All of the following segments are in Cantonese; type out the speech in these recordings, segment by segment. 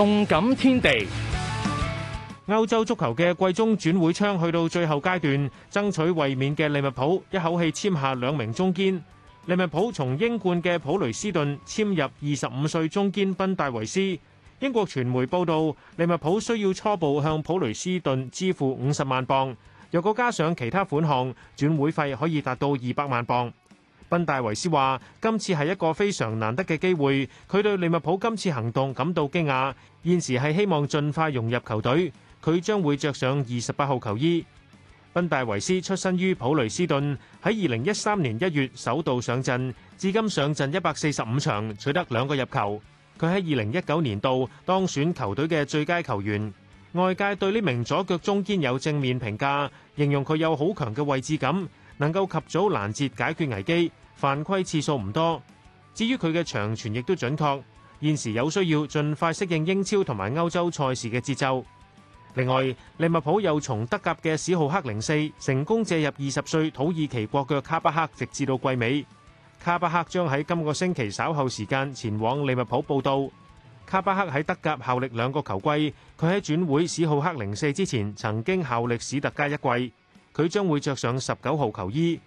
動感天地，歐洲足球嘅季中轉會窗去到最後階段，爭取衛冕嘅利物浦一口氣簽下兩名中堅。利物浦從英冠嘅普雷斯頓簽入二十五歲中堅賓戴維斯。英國傳媒報道，利物浦需要初步向普雷斯頓支付五十萬鎊，若果加上其他款項，轉會費可以達到二百萬鎊。賓戴維斯話：今次係一個非常難得嘅機會，佢對利物浦今次行動感到驚訝。現時係希望盡快融入球隊，佢將會着上二十八號球衣。賓戴維斯出身於普雷斯頓，喺二零一三年一月首度上陣，至今上陣一百四十五場，取得兩個入球。佢喺二零一九年度當選球隊嘅最佳球員。外界對呢名左腳中堅有正面評價，形容佢有好強嘅位置感。能夠及早攔截解決危機，犯規次數唔多。至於佢嘅長傳亦都準確。現時有需要，盡快適應英超同埋歐洲賽事嘅節奏。另外，利物浦又從德甲嘅史浩克零四成功借入二十歲土耳其國腳卡巴克，直至到季尾。卡巴克將喺今個星期稍後時間前往利物浦報到。卡巴克喺德甲效力兩個球季，佢喺轉會史浩克零四之前，曾經效力史特加一季。佢將會着上十九號球衣。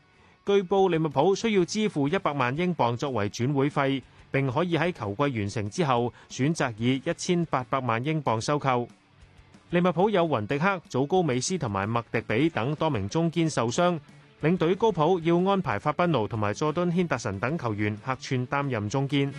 據報，利物浦需要支付一百萬英鎊作為轉會費，並可以喺球季完成之後選擇以一千八百萬英鎊收購。利物浦有雲迪克、祖高美斯同埋麥迪比等多名中堅受傷，領隊高普要安排法賓奴同埋佐敦軒達臣等球員客串擔任中堅。